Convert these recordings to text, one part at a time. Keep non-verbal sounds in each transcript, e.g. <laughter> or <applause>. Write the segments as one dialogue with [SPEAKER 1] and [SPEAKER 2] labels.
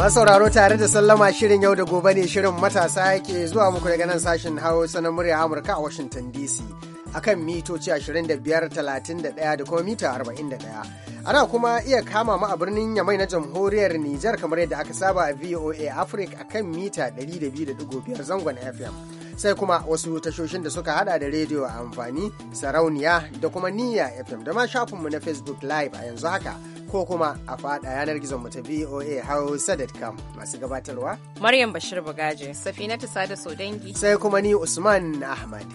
[SPEAKER 1] Masu sauraro tare da sallama shirin yau da gobe ne shirin matasa yake zuwa muku daga nan sashen Hausa na murya Amurka a Washington DC. akan mitoci 25.31 da kuma mita 41. ana kuma iya kama mu a birnin yamai na jamhuriyar Nijar kamar yadda aka saba a VOA Africa a kan mita 200.5 zangon FM. Sai kuma wasu tashoshin da suka hada da rediyo a amfani, sarauniya da kuma niyya FM da ma shafinmu na Facebook Live a yanzu haka. ko kuma a faɗa yanar gizon mu ta voa hausa.com masu gabatarwa
[SPEAKER 2] maryam bashir bugaje safina sada sodangi
[SPEAKER 1] sai kuma ni usman ahmad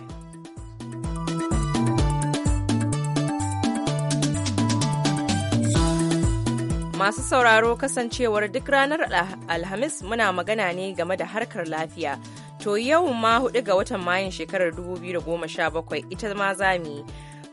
[SPEAKER 2] Masu sauraro kasancewar duk ranar Alhamis muna magana ne game da harkar lafiya. To yau ma hudu ga watan Mayun shekarar 2017 ita ma za yi.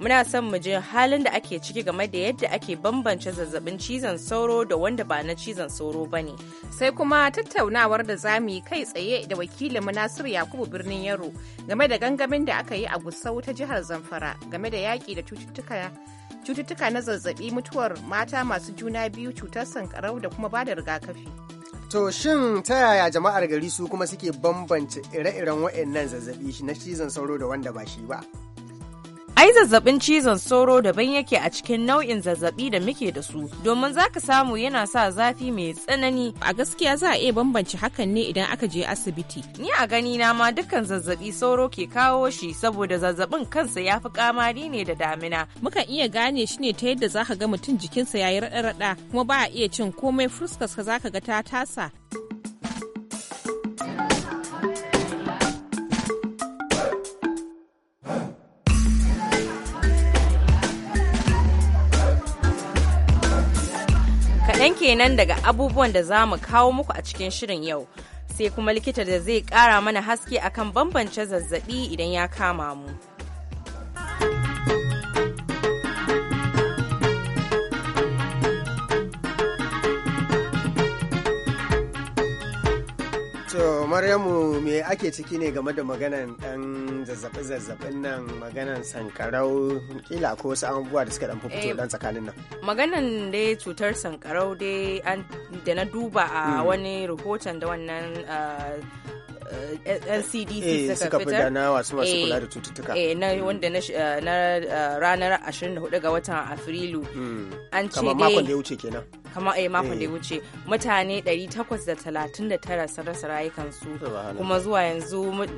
[SPEAKER 2] muna son mu ji halin da ake ciki game da yadda ake bambance zazzabin cizon sauro da wanda ba na cizon sauro ba ne. Sai kuma tattaunawar da za kai tsaye da wakilin Nasiru Yakubu birnin Yaro game da gangamin da aka yi a Gusau ta jihar Zamfara game da yaƙi da cututtuka cututtuka na zazzabi mutuwar mata masu juna biyu cutar sankarau da kuma bada rigakafi.
[SPEAKER 1] To shin ta yaya jama'ar gari su kuma suke bambance ire-iren waɗannan zazzabi na cizon sauro da wanda ba shi ba?
[SPEAKER 2] Ai zazzabin cizon sauro daban yake a cikin nau'in zazzabi da muke da su domin za ka samu yana sa zafi mai tsanani. A gaskiya za a iya bambance hakan ne idan aka je asibiti. Ni a gani na ma dukkan zazzabi sauro ke kawo shi saboda zazzabin kansa ya fi kamari ne da damina. Mukan iya gane shi ne ta yadda za ka ga mutum jikinsa ya yi raɗa-raɗa kuma ba a iya cin komai fuskarsa za ka ga ta tasa. kenan daga abubuwan da za mu kawo muku a cikin shirin yau. Sai kuma likita da zai ƙara mana haske akan bambance zazzabi idan ya kama mu.
[SPEAKER 1] To Maryamu me ake ciki ne game da maganan ɗan zazzaɓi-zazzaɓin nan maganan sankarau kila ko wasu abubuwa da suka ɗan fito dan eh, tsakanin nan.
[SPEAKER 2] Maganan dai cutar sankarau dai da na duba a hmm. wani rahoton da wannan eh, eh, LCDC suka fitar Eh, na wasu masu kula da cututtuka eh na hmm. wanda na ranar 24 ga watan Afrilu
[SPEAKER 1] hmm. an ce dai Kamar makon da ya wuce kenan
[SPEAKER 2] kamar eh, eh. ah, eh. ah, a makon da ya wuce mutane 839 sun rasa rayukansu kuma zuwa yanzu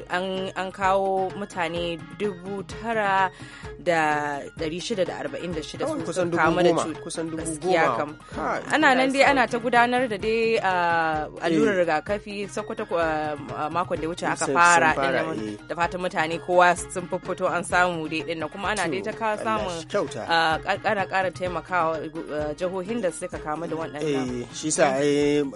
[SPEAKER 2] an kawo mutane 9,646 sun kamu da gaskiya kam ana nan dai ana ta gudanar da dai allurar rigakafi sakwata makon da ya wuce aka fara da fatan mutane kowa sun fito an samu dai din kuma ana dai ta kawo samun kara ah, kara taimakawa jihohin da suka kama game da waɗannan.
[SPEAKER 1] Eh, shi sa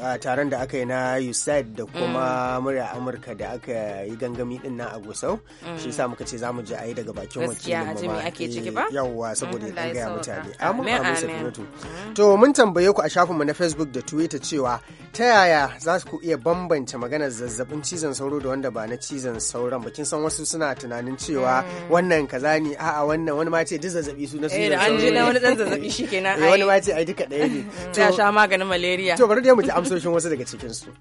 [SPEAKER 1] a taron da aka yi na USAID da kuma mm. murya Amurka da aka yi gangami din na Agusau Gusau, mm. shi sa muka ce za mu je a yi daga bakin wakilin mu ba. ake ciki eh, ba? Yawwa saboda ya gaya mutane. Amin amin mm. To mun tambaye ku a shafinmu na Facebook da Twitter cewa ta yaya za ku iya bambance maganar zazzabin cizon sauro da wanda ba na cizon sauron ba kin san wasu suna tunanin cewa wannan kaza ne a'a wannan wani ma ce duk zazzabi su na eh, cizon sauro. Eh an ji na wani dan
[SPEAKER 2] zazzabi shikenan. <laughs> Eh, wani
[SPEAKER 1] ma ce ai duka ɗaya ne. ya
[SPEAKER 2] sha maganin malaria to bari
[SPEAKER 1] dai mu ji amsoshin wasu daga cikin su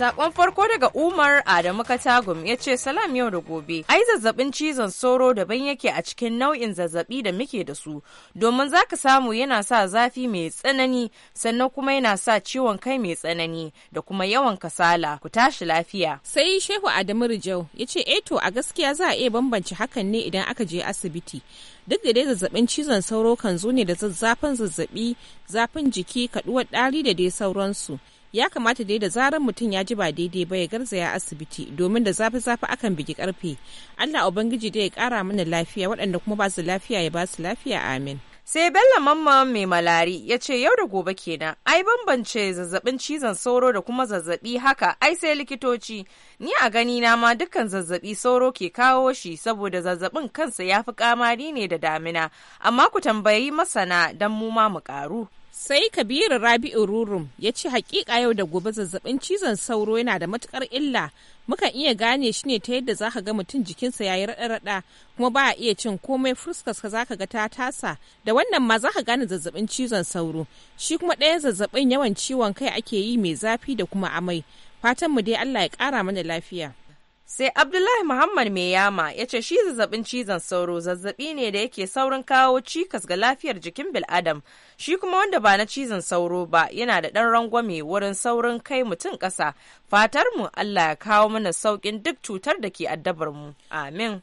[SPEAKER 2] Sakon farko daga Umar Adamu Katagum ya ce salam yau da gobe. Ai zazzabin cizon sauro daban yake a cikin nau'in zazzabi da muke da su. Domin za ka samu yana sa zafi mai tsanani sannan kuma yana sa ciwon kai mai tsanani da kuma yawan kasala ku tashi lafiya. Sai Shehu Adamu Rijau ya ce eto eh a gaskiya za a iya bambance hakan ne idan aka je asibiti. duk da dai zazzabin cizon sauro kan zo ne da zazzafin zazzabi zafin jiki kaduwar ɗari da dai sauransu ya kamata dai da zarar mutum ya ji ba daidai ba ya garzaya asibiti domin da zafi zafi akan bigi karfe allah ubangiji dai ya kara mana lafiya waɗanda kuma ba su lafiya ya ba su lafiya amin sai bello mamma mai malari ya ce yau da gobe kenan ai bambance zazzabin cizon sauro da kuma zazzabi haka ai sai likitoci ni a gani na ma dukkan zazzabi sauro ke kawo shi saboda zazzabin kansa ya fi kamari ne da damina amma ku tambayi masana don mu ma mu karu sai kabiru rabi'u rurum ya ce hakika yau da gobe zazzabin cizon sauro yana da matukar illa mukan iya gane shi ne ta yadda zaka ga mutum jikinsa ya yi raɗa-raɗa kuma ba a iya cin komai fuskarsa zaka ga ta tasa da wannan ma zaka gane zazzabin cizon sauro shi kuma ɗaya zazzabin yawan ciwon kai ake yi mai zafi da kuma amai fatan mu dai Allah ya ƙara mana lafiya sai abdullahi muhammad mai yama ya ce shi zazzabin cizon sauro zazzabi ne da yake saurin kawo cikas ga lafiyar jikin bil'adam shi kuma wanda ba na cizon sauro ba yana da ɗan rangwame wurin saurin kai mutum ƙasa fatar mu allah ya kawo mana sauƙin duk cutar da ke addabar mu amin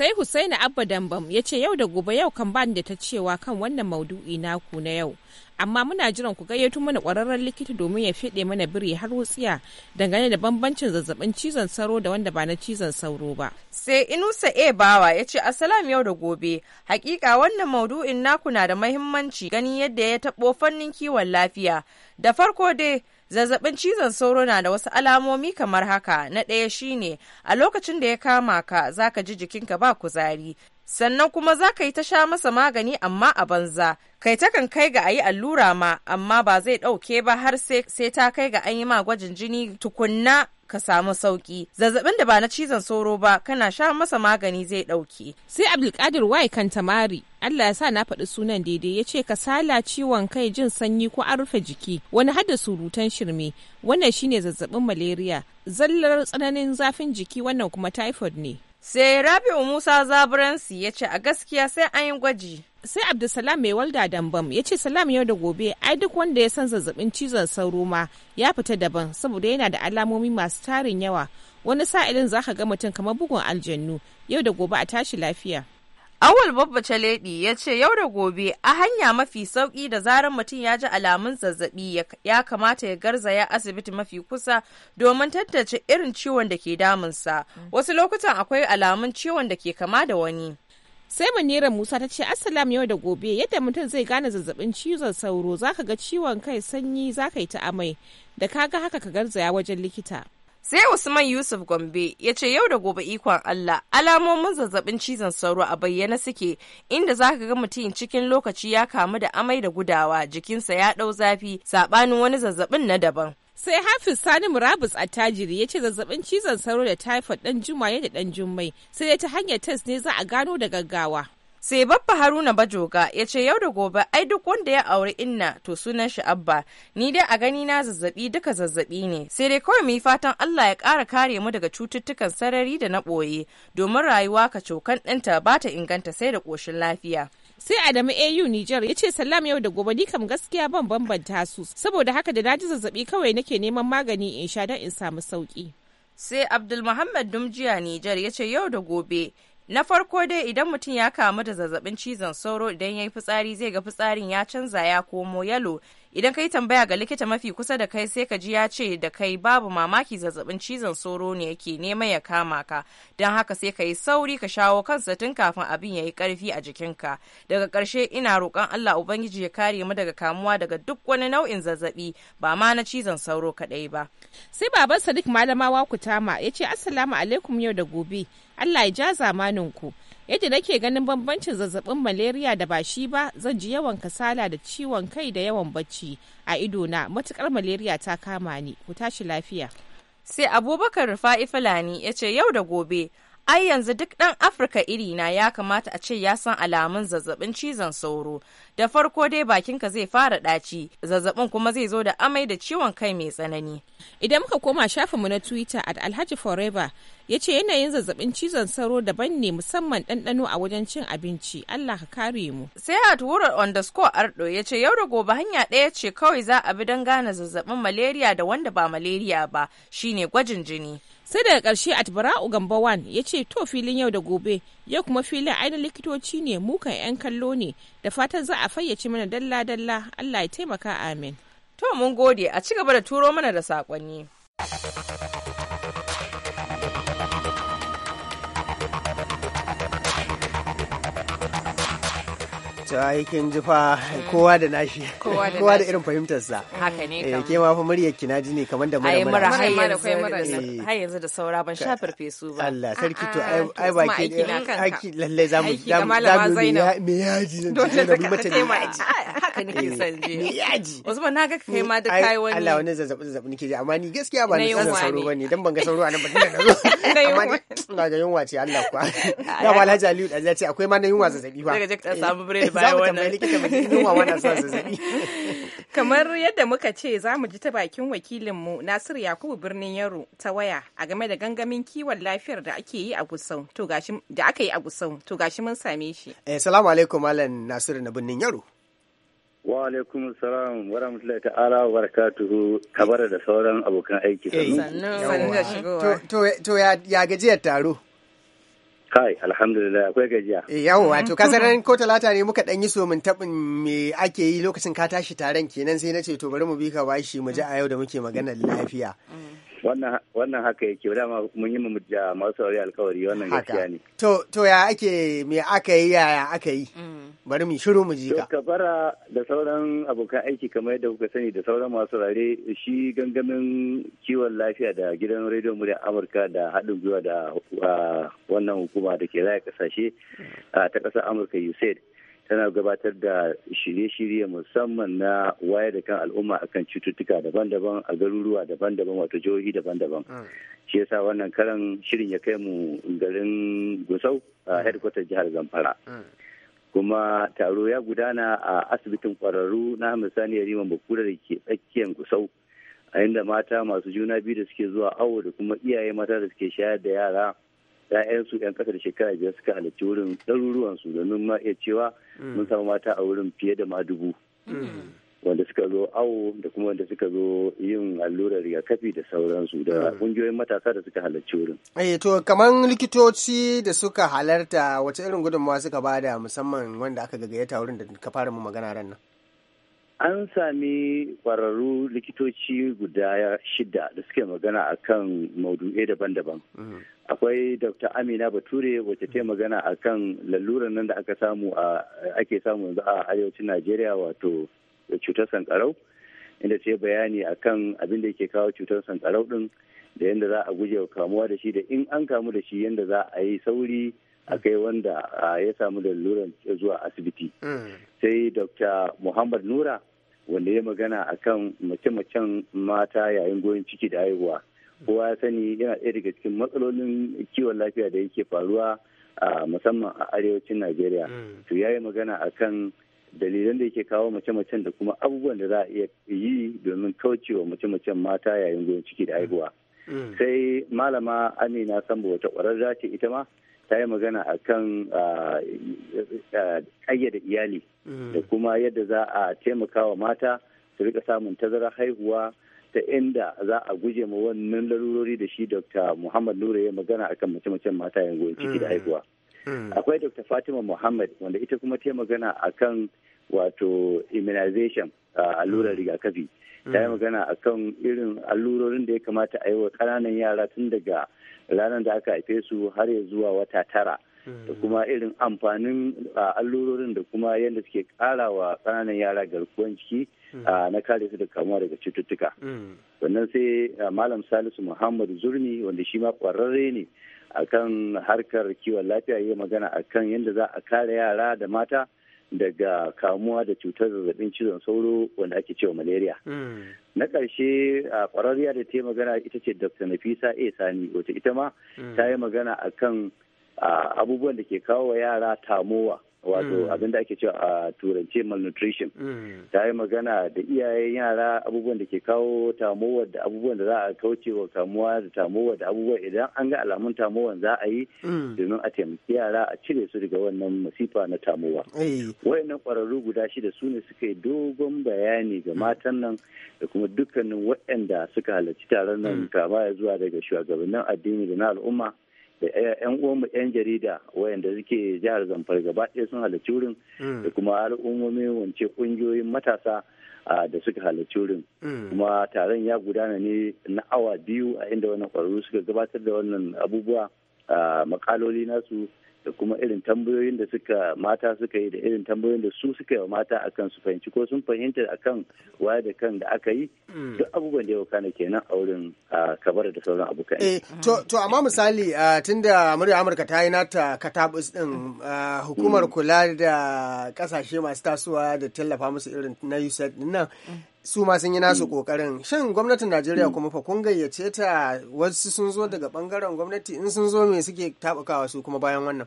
[SPEAKER 2] sai Husaini Abba Dambam ya ce yau da gobe yau kan bani da ta cewa kan wannan maudu'i naku na yau. Amma muna jiran ku gayyato mana ƙwararren likita domin ya fiɗe mana biri har wutsiya dangane da bambancin zazzabin cizon sauro da wanda ba na cizon sauro ba. Sai Inusa E Bawa ya ce asalam yau da gobe. Hakika wannan maudu'in naku na da mahimmanci ganin yadda ya taɓo fannin kiwon lafiya. Da farko dai Zazzabin cizon sauro na da wasu alamomi kamar haka. Na ɗaya shine a lokacin da ya kama ka zaka ji jikinka ba kuzari. Sannan kuma za ka yi ta sha masa magani amma a banza. Kai ta kan kai ga a yi allura ma amma ba zai ɗauke ba har sai ta kai ga an yi ma gwajin jini tukunna ka samu sauki zazzabin da ba na cizon sauro ba kana sha masa magani zai ɗauke. sai abdulkadir wai kan tamari Allah ya sa na faɗi sunan daidai ya ce kasala ciwon kai jin sanyi ko an rufe jiki wani hada surutan shirme wannan shine zazzabin malaria zallar tsananin zafin jiki wannan kuma typhoid ne. Sai Rabi'u Musa Zaburansi ya ce a gaskiya sai an yi gwaji. Sai Abdulsalam mai walda dambam ya ce salam yau da gobe ai duk wanda ya san zazzabin cizon sauro ma ya fita daban saboda yana da alamomi masu tarin yawa wani sa'ilin zaka ga mutum kamar bugun aljannu yau da gobe a tashi lafiya. Awul Babba Chaledi ya ce yau da gobe a hanya mafi sauki da zarar mutum ya ji alamun zazzabi ya kamata ya garzaya asibiti mafi kusa domin tattace irin ciwon da ke damunsa. Mm. Wasu lokutan akwai alamun ciwon da ke kama da wani. sai munira musa ta ce assalam yau da gobe yadda mutum zai gane zazzabin cizon sauro zaka ga ciwon kai sanyi zaka yi ta amai da kaga haka ka garzaya wajen likita Sai Usman Yusuf Gombe ya ce yau da gobe ikon Allah alamomin zazzabin cizon sauro a bayyana suke inda za ka ga mutum cikin lokaci ya kamu da amai da gudawa jikinsa ya ɗau zafi saɓanin wani zazzabin na daban. sai hafiz sani murabus a tajiri ya ce zazzabin cizon sauro da typhoid dan jumaye da dan jummai sai ta hanyar test ne za a gano da gaggawa sai babba haruna bajoga ya ce yau da gobe ai duk wanda ya auri inna to sunan shi abba ni dai a gani na zazzabi duka zazzabi ne sai dai kawai mu yi fatan allah ya ƙara kare mu daga cututtukan sarari da na ɓoye domin rayuwa ka cokan ɗinta ba ta inganta sai da ƙoshin lafiya sai adamu au niger ya ce salam yau da gobe ni kam gaskiya ban bambanta su saboda haka da na ji zazzabi kawai nake neman magani in sha don in samu sauki sai abdul muhammad dumjiya niger ya ce yau da gobe Na farko dai idan mutum ya kamu da zazzabin cizon sauro idan ya yi fitsari zai ga fitsarin ya canza ya komo yalo idan ka yi tambaya ga likita mafi kusa da kai sai ka ji ya ce da kai babu mamaki zazzabin cizon sauro ne yake neman ya kama ka don haka sai ka yi sauri ka shawo kansa tun kafin abin ya yi karfi a jikinka daga karshe ina roƙon allah ubangiji ya kare mu daga kamuwa daga duk wani nau'in zazzabi ba ma na cizon sauro kaɗai ba sai baban sadiq malamawa kutama ya ce assalamu alaikum yau da gobe allah ya ja zamaninku ku yadda nake ganin bambancin zazzabin malaria da ba shi ba zan ji yawan kasala da ciwon kai da yawan bacci a idona matukar malaria ta kama ni ku tashi lafiya sai abubakar rufa'i fulani ya ce yau da gobe ai yanzu duk ɗan afirka iri na ya kamata a ce ya san alamun zazzabin cizon sauro da farko dai bakinka zai fara ɗaci zazzabin kuma zai zo da amai da ciwon kai mai tsanani idan muka koma shafinmu na twitter at alhaji forever ya ce yanayin zazzabin cizon sauro daban ne musamman ɗanɗano a wajen cin abinci allah ka kare mu sai a turar underscore ardo ya ce yau da gobe hanya ɗaya ce kawai za a bi don gane zazzabin malaria da wanda ba malaria ba shine gwajin jini sai daga ƙarshe atbara'u wan ya ce to filin yau da gobe yau kuma filin ainihin likitoci ne mukan 'yan kallo ne da fatan za a fayyace mana dalla-dalla allah ya taimaka amin to mun gode a ci gaba da turo mana da saƙonni.
[SPEAKER 1] to aikin kin kowa da nashi <laughs> kowa da irin fahimtarsa haka ne kam eh, fa muryar ki naji ne kamar da mura mura ai mura eh.
[SPEAKER 2] har yanzu da saura ban sha su ba
[SPEAKER 1] Allah sarki to ai ba ke aiki lalle za mu za mu me yaji dole da ma aji
[SPEAKER 2] haka nake eh, son je me yaji wasu ban naga kai ma da kai wani Allah
[SPEAKER 1] wani zazzabi zazzabi nake ji amma ni gaskiya ba ni san sauro bane dan ban ga sauro anan ba tunda na <laughs> zo amma ga yunwa ce Allah kuwa <laughs> da Alhaji Aliyu da ce akwai ma na yunwa zazzabi ba daga samu
[SPEAKER 2] za mu tambayi likita mai yunwa wannan sa zazzabi <laughs> kamar yadda muka ce za mu ji ta bakin wakilinmu Nasir Yakubu birnin Yaro ta waya a game da gangamin kiwon lafiyar da ake yi a Gusau to gashi da aka yi a Gusau to gashi mun same shi
[SPEAKER 1] eh salamu alaikum malam Nasir na birnin Yaro wa alaikum salam wa rahmatullahi ta'ala wa
[SPEAKER 3] barakatuhu kabar da sauran abokan aiki eh, sannu
[SPEAKER 4] sannu da
[SPEAKER 1] shigowa to to ya gajiyar taro
[SPEAKER 3] Kai, alhamdulillah akwai gajiya.
[SPEAKER 1] Yau, wato ka san mm-hmm. ko talata ne muka ɗan yi so min taɓin me ake yi lokacin ka tashi taron kenan sai na ce to bari mu bi ka bashi mu ji a yau da muke maganar lafiya.
[SPEAKER 3] Mm-hmm. wannan haka yake dama mun yi mu da masu saurari alkawari wannan gaskiya ne
[SPEAKER 1] to to ya ake me aka yi yaya aka yi mm. bari mu shiru mu ji ka
[SPEAKER 3] kabara da sauran abokan aiki kamar yadda kuka sani da sauran masu saurare shi gangamin kiwon lafiya da gidan rediyon muryar Amurka da haɗin gwiwa da ah, wannan hukuma da ke raya kasashe ah, ta ƙasar Amurka USAID tana gabatar da shirye-shirye musamman na wayar da kan al'umma akan cututtuka daban-daban a garuruwa daban-daban wato jihohi daban-daban mm. shi yasa wannan karan shirin ya kai mu garin gusau a mm. headquarter jihar zamfara mm. kuma taro ya gudana a asibitin kwararru na misali yariman bakura da ke tsakiyar gusau a inda mata masu juna biyu da suke zuwa awo da kuma iyaye mata da suke shayar da yara 'ya'yansu 'yan kasa da shekara biyar suka halarci wurin ɗaruruwan su domin ma iya cewa mm. mun samu mata a wurin fiye da ma dubu mm. wanda suka zo awo da kuma wanda suka zo yin allurar rigakafi da sauransu da kungiyoyin mm. matasa da suka halarci wurin.
[SPEAKER 1] Eh to kaman likitoci da suka halarta wace irin gudunmawa suka bada musamman wanda aka ta wurin da ka fara mu magana ran nan.
[SPEAKER 3] an sami kwararru likitoci guda shida da suke magana akan kan maudu'ai daban-daban akwai dr amina bature wacce ta magana a kan laluran nan da aka samu a ake samu yanzu a arewacin najeriya wato cutar sankarau inda ce bayani a kan abin da yake kawo cutar sankarau din da yadda za a guje kamuwa da shi da in an kamu da shi yadda za a yi sauri a kai wanda ya samu laluran zuwa asibiti sai dr muhammad nura wanda ya magana a kan mace-macen mata yayin goyon ciki da haihuwa kowa ya sani yana ɗaya daga cikin matsalolin kiwon lafiya da yake faruwa a musamman a arewacin najeriya mm. to ya yi magana akan dalilan da yake kawo mace-macen da kuma abubuwan da za a iya yi domin kaucewa mace-macen mata yayin goyon ciki da haihuwa mm. Mm. sai malama amina sambo wata ƙwararra ce ita ma ta yi magana a kan ƙayyade iyali da kuma yadda za a taimaka wa mata su rika samun tazarar haihuwa ta inda za a guje ma wannan larurori da shi dr muhammad nura ya magana akan mace-macen mata yanzu ciki da mm. haihuwa mm. akwai dr fatima muhammad wanda ita kuma ta magana akan wato immunization allurar mm. rigakafi ta yi magana akan irin allurorin da ya kamata a yi wa ƙananan yara tun daga ranar da aka haife su har ya zuwa wata tara da kuma irin amfanin allurorin da kuma yadda suke ƙara wa ƙananan yara garkuwan jiki Mm. Ah, na kare su da kamuwa daga cututtuka mm. sannan sai ah, malam salisu muhammad zurni wanda shi ma kwararre ne akan harkar kiwon lafiya ya magana akan yadda za a kare yara da mata daga kamuwa da cutar zazzabin cizon sauro wanda ake cewa malaria. Mm. Na ƙarshe a ah, ƙwararriya da ta yi magana ita ce Dr. Nafisa A. Sani wata ita ma ta yi magana akan abubuwan da ke kawo wa yara tamowa wato hmm. abin da ake cewa a turance malnutrition hmm. ta yi magana da iyaye yara abubuwan da ke kawo tamowa da abubuwan da za a kauce wa kamuwa da tamowa da abubuwa idan an ga alamun tamowar za a yi hmm. domin a taimaki yara a cire su daga wannan masifa na tamowa eh. wayannan kwararru guda shida su ne suka yi dogon bayani ga matan nan da kuma dukkanin waɗanda suka halarci taron nan kama ya zuwa daga shugabannin addini da na al'umma da yan mu yan jarida wayanda suke jihar zamfara gaba ɗaya sun halarci wurin mm. da kuma al'ummomi wance ƙungiyoyin matasa da suka halarci wurin
[SPEAKER 4] mm. kuma
[SPEAKER 3] taron ya gudana ne na awa biyu a inda wannan ƙwararru suka gabatar da wannan abubuwa makaloli nasu da kuma irin tambayoyin da suka mata suka yi da irin tambayoyin da su suka yi wa mata akan su fahimci ko sun fahimta akan waya da kan da aka yi mm. duk abubuwan da ya wakana kenan a wurin kabar da sauran abokan eh
[SPEAKER 1] mm. to amma misali tunda murya Amurka ta yi nata katabus din hukumar mm. kula da kasashe masu tasowa da tallafa musu irin na USAID nan su ma sun yi nasu mm. kokarin shin gwamnatin najeriya mm. kuma fa kun gayyace ta wasu sun zo daga bangaren gwamnati in sun zo me suke tabakawa su kuma bayan wannan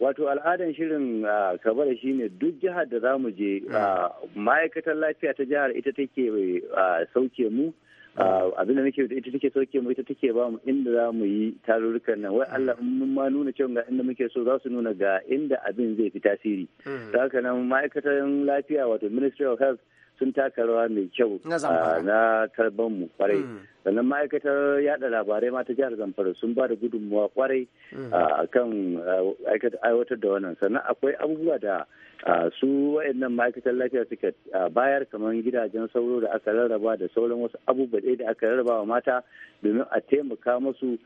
[SPEAKER 3] wato al'adan shirin kabara shine duk jihar da za mu je mm. ma'aikatar lafiya ta jihar ita take sauke mu abin da nake ita take sauke mu ita take ba mu inda za mu yi tarurrukan nan wai Allah mun ma nuna cewa ga inda muke so za su nuna ga inda abin zai fi tasiri ta haka nan ma'aikatan lafiya wato ministry of health sun taka rawa mai kyau na tarban ah, mu kwarai mm. sannan ma'aikatar yada labarai mata jihar zamfara sun ba da gudunmuwa kwarai mm. ah, a kan ah, aiwatar da wannan sannan akwai abubuwa da su wa'annan ma'aikatar lafiya suka bayar kamar gidajen sauro da aka rarraba da sauran wasu abubuwa da aka rarraba wa mata domin a taimaka musu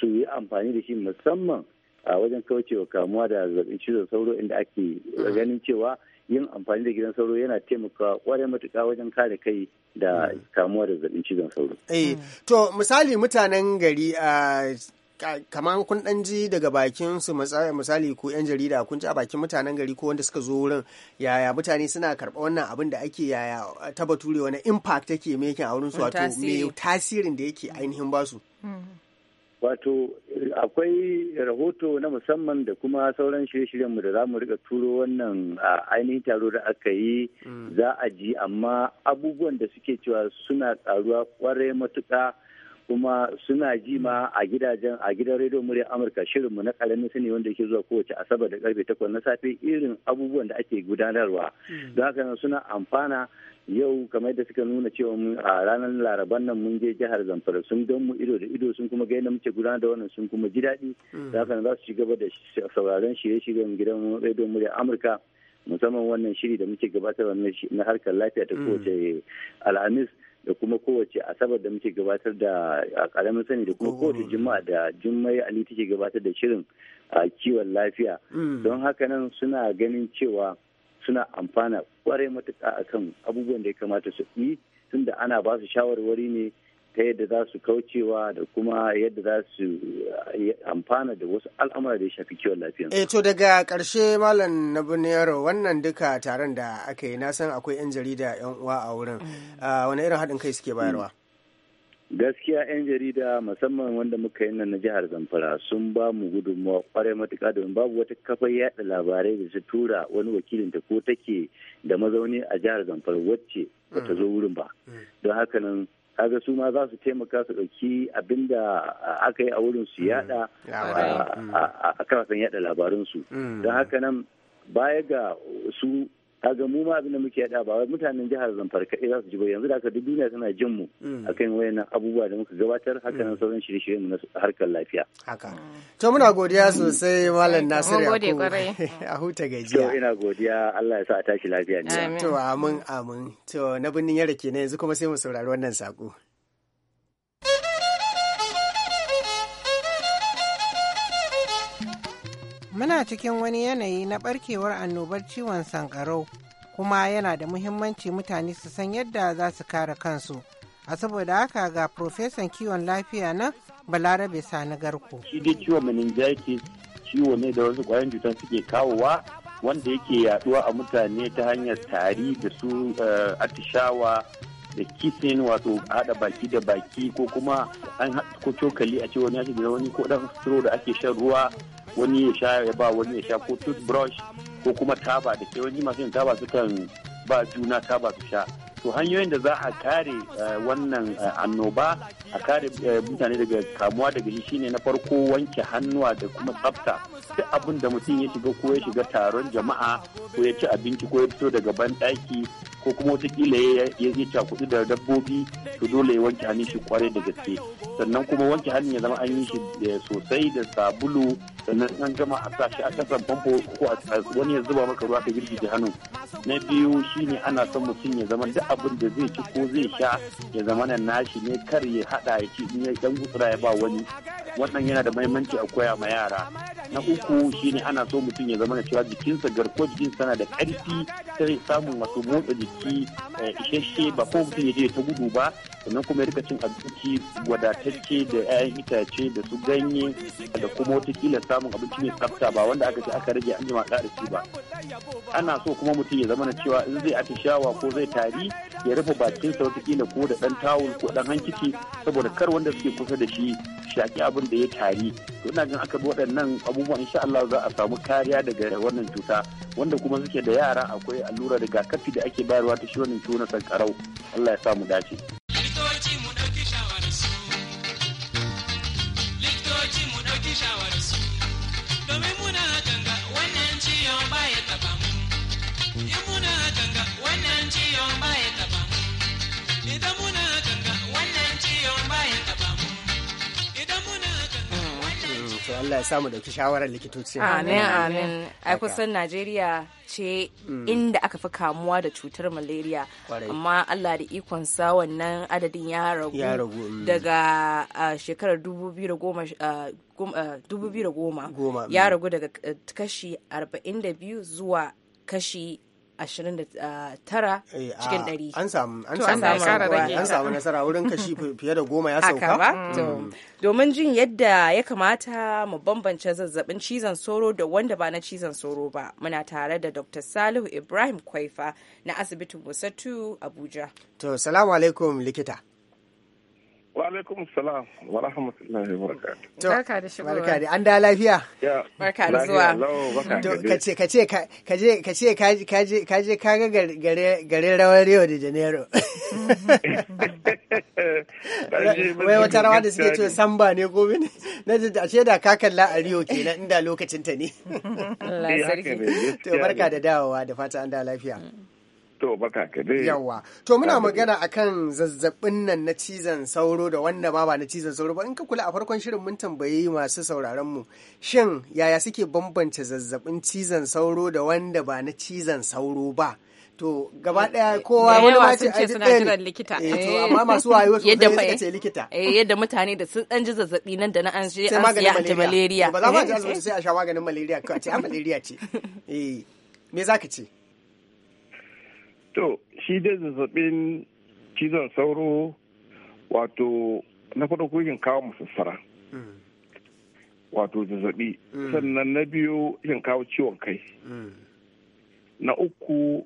[SPEAKER 3] su yi amfani da shi musamman a wajen kaucewa kamuwa da zazzabin cizon sauro inda ake mm. ganin cewa yin amfani da gidan sauro yana taimaka kware matuƙa wajen kare kai da kamuwa da zaɓin cizon sauro. Eh,
[SPEAKER 1] to misali mutanen gari ah, a kamar kun dan ji daga bakin su misali ko yan jarida kun ji a bakin mutanen gari ko wanda suka zo wurin yaya mutane suna karɓa wannan abin da ake yaya ta bature wani impact take making a wurin su wato me tasirin da yake ainihin basu. Mm-hmm.
[SPEAKER 3] wato akwai rahoto na musamman da kuma sauran shirye-shiryenmu da za mu rika turo wannan a ainihin taro da aka yi mm. za a ji amma abubuwan da suke cewa suna karuwa kwarai matuka kuma suna ji ma a gidajen a gidan rediyon murya amurka shirinmu na karamin ne wanda yake zuwa kowace asabar da karfe takwas na safe irin abubuwan da ake gudanarwa hmm. don haka suna amfana yau kamar da suka nuna cewa a ranar laraban nan mun je jihar zamfara sun don mu ido da ido sun kuma gaina muke gudanar da wannan sun kuma ji daɗi hmm. don haka za su ci gaba da sauraron shirye-shiryen gidan rediyon murya amurka musamman wannan shiri da muke gabatarwa na harkar lafiya ta hmm. kowace alhamis da kuma kowace asabar da muke gabatar da a karamin sani da kuma kowace oh. juma'a da jummai ali take gabatar da shirin a kiwon lafiya mm. don haka nan suna ganin cewa suna amfana kwarai matuka akan abubuwan da ya kamata su yi tunda ana ba su shawarwari ne ta yadda za su kaucewa da kuma yadda za su eh, amfana da wasu al'amura da ya shafi kiwon lafiya. E
[SPEAKER 1] to daga karshe Malam Nabunero wannan duka taron da aka yi na san akwai 'yan jarida 'yan uwa a wurin mm. ah, wani irin haɗin kai suke bayarwa?
[SPEAKER 3] Mm. gaskiya 'yan jarida musamman wanda muka yi nan na jihar zamfara sun ba mu gudunmawa kwarai matuƙa domin babu wata kafar yaɗa labarai da su tura wani wakilin ta ko take da mazauni a jihar zamfara wacce ba ta mm. zo wurin ba don haka nan kaga su ma za su taimaka su ɗauki abin da aka yi a wurin su mm. yada a kafafen yada labarinsu su mm. don haka nan baya ga su kaga mu ma abin da muke yada ba mutanen jihar Zamfara kaɗai za su ji ba yanzu da aka duk duniya tana jin mu mm. akan wayannan abubuwa da muka gabatar haka nan mm. sauran shirye-shiryen mu na harkar lafiya
[SPEAKER 1] haka mm. to muna godiya sosai malam Nasiru ya Yakubu <laughs> a huta gajiya
[SPEAKER 3] to ina godiya Allah ya sa a tashi lafiya ne to amin
[SPEAKER 1] amin to na binnin yare kenan yanzu kuma sai mu saurari wannan sako Muna cikin wani yanayi na barkewar annobar ciwon sankarau kuma yana da muhimmanci mutane su san yadda za su kare kansu. A saboda haka ga Profesan kiwon lafiya na Balarabe Sani Garko.
[SPEAKER 5] Shi dai ciwon meningitis ciwo ne da wasu ƙwayan cutar suke kawowa wanda yake yaduwa a mutane ta hanyar tari da su eh, atishawa da kissing wato hada baki da baki ko kuma an ko cokali a ce wani da wani ko dan da ake shan ruwa wani ya sha ya ba wani ya sha ko toothbrush ko kuma taba da ke wani masu taba sukan ba juna taba su sha to hanyoyin da za a kare eh, wannan eh, annoba a kare eh, mutane daga kamuwa daga shi shine na farko wanke hannuwa da kuma tsafta duk abin da mutum ya shiga ko ya shiga taron jama'a ko ya ci abinci ko ya fito daga banɗaki ko kuma kila ya ta cakudu da dabbobi to dole ya wanke hannun shi kwarai da gaske sannan kuma wanke hannun ya zama an yi shi sosai da sabulu sannan an gama a sa shi a kasan famfo ko a wani ya zuba maka ruwa ka girgije hannu na biyu shine ana son mutum ya zama duk abin da zai ci ko zai sha ya zama nan nashi ne kar ya hada ya ci in ya dan gutsura ya ba wani wannan yana da mahimmanci a koya ma yara na uku shine ana so mutum ya zama cewa jikinsa garko jikinsa na da karfi sai samun wasu motsa jiki eh, isasshe ba ko mutum ya je ta gudu ba sannan kuma ya cin abinci wadatacce da 'ya'yan itace da su ganye da kuma watakila samun abinci mai tsafta ba wanda aka ce aka rage an jima da ba ana so kuma mutum ya zama na cewa in zai atishawa ko zai tari ya rufe bakinsa watakila ko da dan tawul ko dan hankici saboda kar wanda suke kusa da shi shaki abin da ya tari to ina jin aka bi waɗannan abubuwa insha Allah za a samu kariya daga wannan cuta wanda kuma suke da yara akwai allura rigakafi da ake bayarwa ta shi wannan cuta na sankarau Allah ya samu dace
[SPEAKER 1] Allah ya samu dauki shawarar likitoci. Amin amin. Ai
[SPEAKER 2] kusan Najeriya ce mm. inda aka fi kamuwa da cutar malaria. Amma Allah da ikon sa wannan adadin ya ragu mm. daga shekarar 2010 mm. ya ragu daga eh, kashi 42 zuwa kashi 29 ah, eh, cikin 100 ah, an
[SPEAKER 1] samu an samu nasara wurin kashi fiye da goma ya sauka mm.
[SPEAKER 2] domin jin yadda ya kamata mu bambance zazzabin cizon sauro da wanda ba na cizon sauro ba muna tare da dr salihu ibrahim kwaifa na asibitin musatu abuja
[SPEAKER 1] to salamu alaikum likita
[SPEAKER 2] alaikum salam
[SPEAKER 1] wa
[SPEAKER 6] rahmatullahi wa barakatuh.
[SPEAKER 1] Barka da shigowa. Barka da an da lafiya. Barka da zuwa. To kace kace kaje kace kaje kaje ka gare gare rawar Rio de Janeiro. Wai wata rawa da suke cewa samba ne gobe ne. Na ji da da ka kalla a Rio kenan inda lokacin ta ne. Allah eh, sarki. To barka da dawowa da fata an da lafiya.
[SPEAKER 6] To baka ka dai. Yawwa.
[SPEAKER 1] To muna magana akan zazzabin nan na cizon sauro da wanda ma ba na cizon sauro ba in ka kula a farkon shirin mun tambayi masu sauraron mu shin yaya suke bambance zazzabin cizon sauro da wanda ba na cizon sauro ba. to gaba daya eh, eh, kowa wani ma ce suna jiran likita eh, to amma masu wayo su yadda suka ce likita eh
[SPEAKER 2] yadda mutane da sun dan ji zazzabi nan da na an shi an an anti malaria ba za ma ji asibiti sai
[SPEAKER 1] a sha maganin malaria ko a ce a ah, malaria ce <laughs> eh me zaka ce To, shi dai zazzabin cizon
[SPEAKER 6] sauro wato na farko yin kawo masassara Wato zazzabi. Sannan na biyu yin kawo ciwon kai. Na uku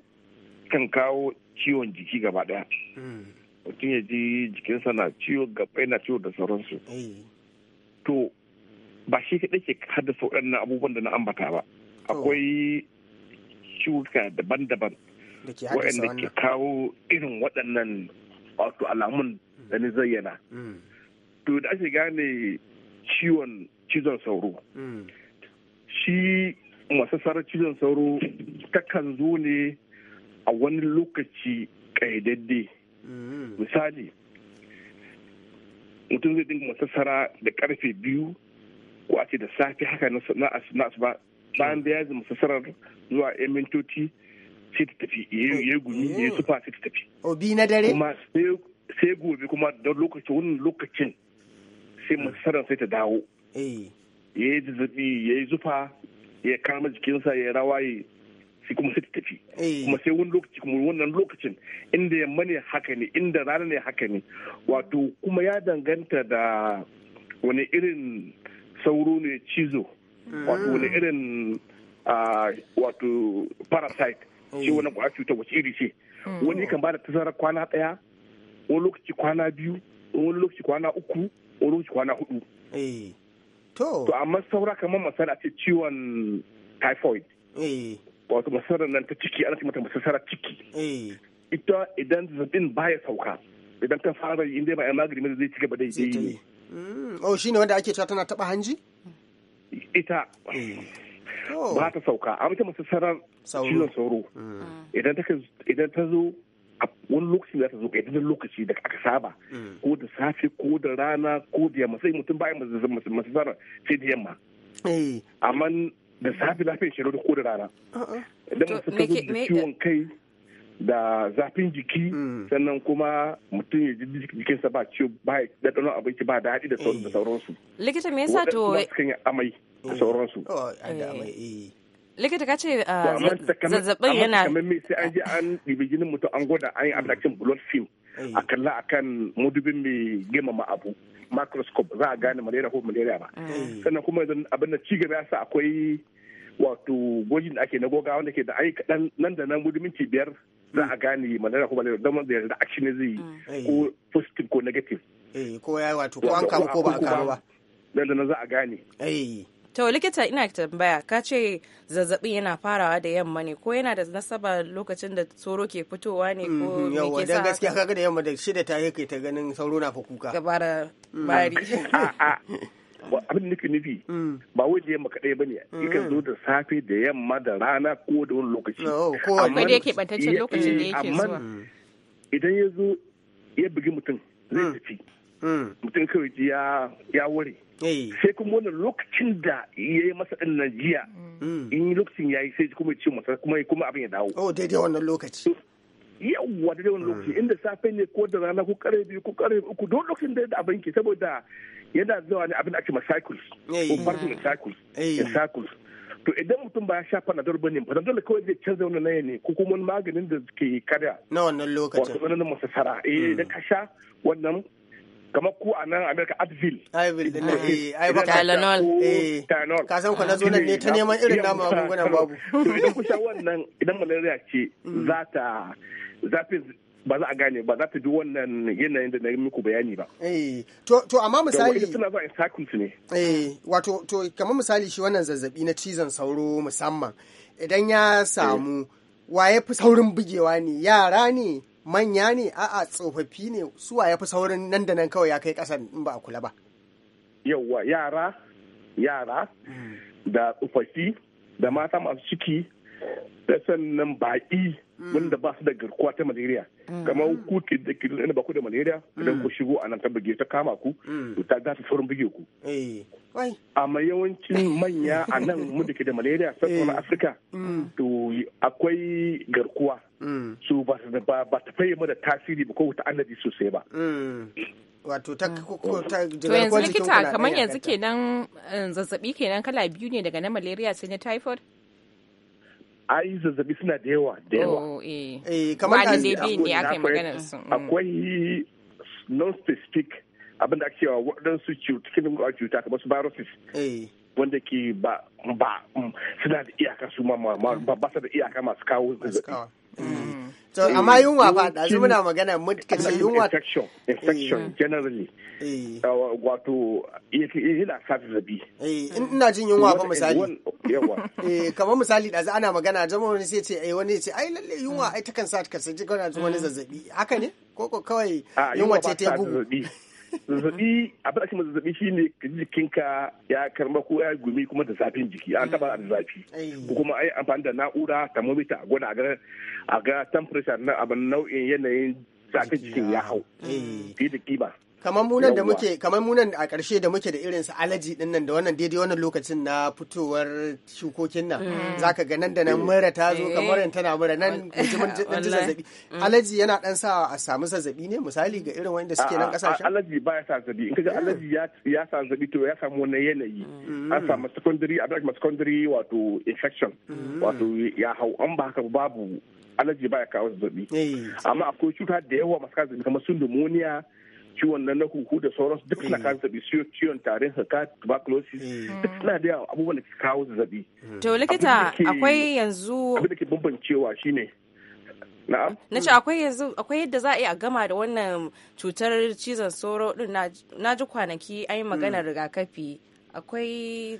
[SPEAKER 6] kan kawo ciwon jiki gaba daya. Mutum ya ji jikinsa na ciwo gaba na ciwo da sauransu. To, ba shi kaɗai ke haddasa waɗannan abubuwan da na ambata ba. Akwai ciwuka daban-daban waɗanda ke kawo irin waɗannan wato alamun mm. da ni zayyana mm. to da ake gane ciwon cizon sauro mm. shi masasarar cizon sauro takan zo ne a wani lokaci ƙaidadde misali mutum zai dinga masassara da ƙarfe biyu ko a ce da safe haka na asuba bayan da ya zama sassarar zuwa 'yan mintoci sai ta tafi ya gumi ya sufa mm. sai ta tafi
[SPEAKER 1] obi na dare kuma
[SPEAKER 6] sai gobe kuma da lokacin wannan lokacin sai masarar sai ta dawo eh. ya yi zazzabi ya yi zufa ya kama jikinsa ya ya sai kuma sai ta tafi eh. kuma sai wani lokaci kuma wannan lokacin inda yamma ne haka ne inda rana ne haka ne wato kuma ya danganta da wani irin sauro ne cizo mm. wato wani irin ah, wato parasite shi ku kwayar cutar wace iri ce mm. wani kan bada tazarar kwana daya wani lokaci kwana biyu wani lokaci kwana uku wani lokaci kwana hudu eh. to amma saura kamar masana ce ciwon typhoid eh. wato masarar nan ta ciki ana ce mata masarar ciki eh. ita idan zazzabin baya sauka idan ta fara yi inda ba a magani zai ci gaba da yi
[SPEAKER 1] mm. oh shine wanda ake cewa tana taba hanji ita ba ta sauka a ta masu sarar
[SPEAKER 6] cizon sauro mm. idan ta zo a wani lokaci za ta zo ga lokaci da aka saba mm. ko da safe ko da rana ko da yamma sai mutum bayan masu sarar sai da yamma eh. amma da safe lafiyar shi ko da rana uh-uh. idan masu ka zo da ciwon eh, kai da zafin jiki mm. sannan kuma mutum ya ji jikinsa ba ciwo ba da ɗanɗano abinci ba daɗi da eh. sauransu.
[SPEAKER 2] Likita me yasa to cikin
[SPEAKER 6] amai da mm. sauransu. Oh, eh. Eh.
[SPEAKER 2] Likita ka ce uh,
[SPEAKER 6] zazzabin yana kamar me sai an je an ɗibi jinin mutum an gwada an yi mm. abdakin blood film a kalla akan mudubin mai girmama abu microscope za a gane malaria ko malaria ba sannan kuma abin da ci gaba sa akwai wato gwajin da ake na goga wanda ke da ayi kaɗan nan da nan mudumin biyar za a gane malaria ko da don da yarda action zai yi mm. ko eh. positive ko negative
[SPEAKER 1] eh, ko ya wato ko an kamu ko ba a kamu ba
[SPEAKER 6] da na za a gane
[SPEAKER 2] eh. to likita ina tambaya ka ce zazzabi yana farawa da yamma ne ko yana da nasaba lokacin da tsoro ke fitowa ne ko mm-hmm, me ke sa gaskiya
[SPEAKER 1] kaga da yamma da shida ta yake ta ganin sauro na fa kuka gabara mm. bari <laughs> ah, ah. <laughs> abin nake
[SPEAKER 6] nufi mm. ba wai da maka ɗaya bane yakan zo mm. da safe da yamma da rana ko da wani lokaci oh, amma da yake bantaccen eh, lokacin da eh, yake zuwa idan ya zo ya bugi mutum zai mm. tafi mutum kawai ji ya ware sai kuma wannan lokacin da ya yi masa ɗin jiya in lokacin ya yi sai kuma ci masa kuma kuma abin ya dawo oh daidai wannan lokaci yawwa daidai wani lokaci inda safe ne ko da rana ko kare biyu ko kare uku don lokacin da abin ke saboda yana zuwa ne abin da ake ma cycles ko farko cycles eh, cycles to idan mutum ba ya sha panadol ba ne panadol kawai zai canza wani layi ne ko kuma wani maganin da ke kada na wannan lokacin wato wannan masasara eh hmm. idan ka sha wannan kamar ku a nan America Advil Advil din eh ai baka Tylenol eh Tylenol ka san ku na zo nan ne ta neman irin na magungunan babu to idan ku sha wannan idan malaria ce hmm. za ta zafin ba za a gane ba za ta ji wannan yanayin da na yi muku bayani ba. Eh, to,
[SPEAKER 1] amma misali. Da suna zuwa in ne. Eh, wato, to kamar misali shi wannan zazzabi na cizon sauro musamman idan ya samu eh. wa ya fi saurin bugewa ne yara ne manya ne a'a tsofaffi ne su wa ya fi saurin nan da nan kawai ya kai kasan in ba a kula ba.
[SPEAKER 6] Yawwa yara yara hmm. da tsofaffi da mata masu ciki da sannan baƙi Mm. wanda ba su da garkuwa ta malaria mm. kamar ku ke da ba ku da malaria mm. idan ku shigo a nan ta buge ta kama ku ta za su saurin buge ku eh, amma yawancin <laughs> manya a nan mu da ke da malaria eh. sassan afirka to akwai garkuwa su ba ta fayyama da tasiri ba ko ta annabi sosai
[SPEAKER 1] ba wato ta to yanzu likita kamar yanzu
[SPEAKER 2] kenan eh, zazzabi kenan kala biyu ne daga na malaria sai na typhoid
[SPEAKER 6] ai zazzabi suna da yawa da yawa oh, eh. Eh, kamar da ne aka yi maganar su mm. akwai non specific abin da ake cewa waɗansu cuta kamar su viruses eh. wanda ke ba ba mm, suna da iyaka su ma ba su da iyaka masu kawo zazzabi mm. To amma yunwa fa su muna
[SPEAKER 1] magana mutka <laughs> ce yunwa.
[SPEAKER 6] Infection, infection eh. generally. Eh. Uh, wato yana safi zabi.
[SPEAKER 1] Ina jin yunwa fa misali. Yawa. <laughs> Eh, kamar misali da ana magana zama wani sai ce eh wani ce ai lalle yunwa hmm. ai takan sa ka sai kana wani hmm. zazzabi haka ne? Ko kawai ah, yunwa ce ta bugu.
[SPEAKER 6] zazzabi abin da ake ma zazzabi ne jikinka ya karma ko ya gumi kuma da zafin jiki an taba da zafi ko kuma ai amfani da na'ura thermometer a gwada a ga temperature na abin nau'in yanayin zafin jikin ya hau fiye da kima
[SPEAKER 1] kamar munan da muke kamar munan a ƙarshe da muke da irin su alaji din nan da wannan daidai wannan lokacin na fitowar shukokin nan mm. zaka ga nan da nan mura ta zo eh. kamar yan tana mura nan mutumin din zazzabi mm. alaji yana dan sa a samu zazzabi ne misali ga irin wanda suke nan kasashen
[SPEAKER 6] alaji ba ya sa zazzabi in kaga alaji ya ya sa zazzabi to ya samu wannan yanayi mm. an samu secondary a secondary wato infection wato ya hau an ba haka babu alaji ba ya kawo zazzabi eh. amma akwai cuta da yawa masu kawo zazzabi kamar su pneumonia ciwon na na huhu da sauransu duk suna mm. kawo zabi ciwon tarin haka tuberculosis mm. duk suna da yawa abubuwan da ke kawo zabi. Mm. to likita akwai yanzu abin da ke bambancewa shine na'am
[SPEAKER 2] na ce akwai yanzu akwai yadda za a yi a gama da wannan cutar cizon sauro din na ji kwanaki an yi magana rigakafi akwai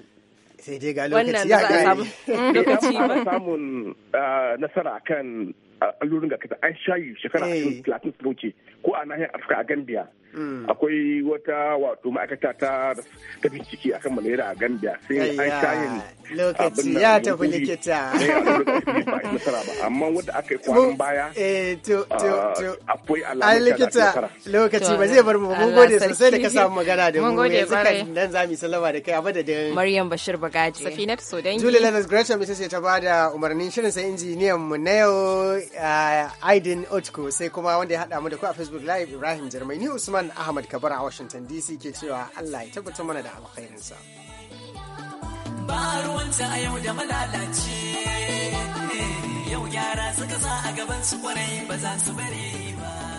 [SPEAKER 2] sai dai ga lokaci ya gari <laughs> lokaci ba
[SPEAKER 6] samun ah, nasara kan ah, allurin ga kasa an shayi shekara 30 eh. ko a nahiyar afirka a gambia Mm. akwai wata wato ma'aikata ta ta bincike akan malaria a Gambia sai an shayin
[SPEAKER 1] lokaci ya tafi likita
[SPEAKER 6] eh,
[SPEAKER 1] amma wanda aka yi kwanan baya eh, ah, akwai alamun likita lokaci ba zai bar mu mun gode sosai da ka samu magana da mu ne suka dan za mu sallama da kai abada
[SPEAKER 2] da Maryam Bashir Bagaji Safinat Sodangi Julie Lennox
[SPEAKER 1] Gresham ita ce ta bada umarnin shirin sai injiniyan mu na yau Aidin ah, Otko sai kuma wanda ya hada mu da ku a Facebook Live Ibrahim Jarmai ni Usman Usman Ahmad Kabara a Washington DC ke cewa Allah ya tabbatar mana da alkhairinsa.
[SPEAKER 5] Ba ruwanta a yau da malalaci eh, yau yara suka sa a gaban su kwarai ba za su bari ba.